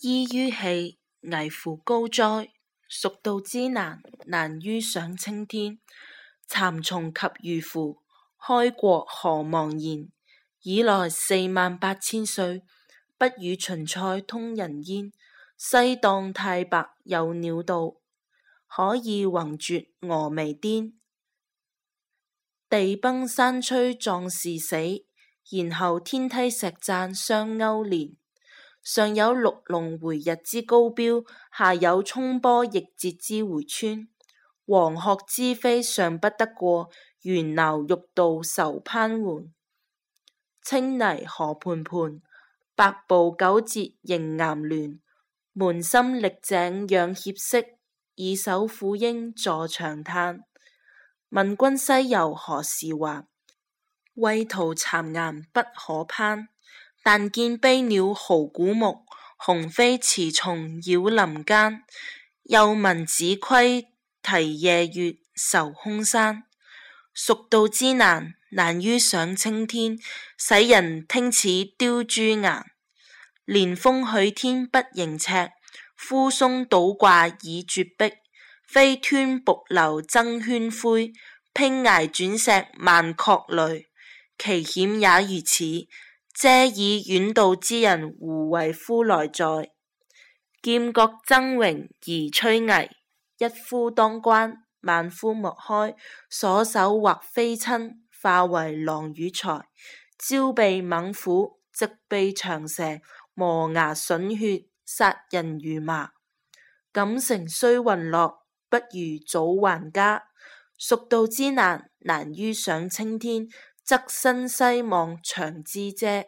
噫吁嚱，危乎高哉，蜀道之難，難於上青天。蠶叢及魚鳧，開國何茫然！爾來四萬八千歲，不與秦塞通人煙。西當太白有鳥道，可以橫絕峨眉巔。地崩山摧壯士死，然後天梯石棧相勾連。上有六龍迴日之高標，下有衝波逆折之迴川。黃鶴之飛尚不得過，猿猱欲度愁攀援。青泥何盤盤，百步九折縈岩巒。捫參歷井仰脅息，以手撫膺坐長嘆。問君西遊何時還？畏途巉岩不可攀。但見悲鳥號古木，雄飛雌從繞林間。又聞子規啼夜月，愁空山。蜀道之難，難於上青天，使人聽此凋朱顏。連峰去天不盈尺，枯松倒掛倚絕壁。飛湍瀑流爭喧豗，砯崖轉石萬壑雷。其險也如此。嗟以遠道之人胡為乎來哉？劍閣崢嶸而崔嵬，一夫當關，萬夫莫開。所守或非親，化為狼與豺。朝避猛虎，夕避長蛇，磨牙吮血，殺人如麻。錦城雖云樂，不如早還家。蜀道之難，難於上青天。側身西望，長咨嗟。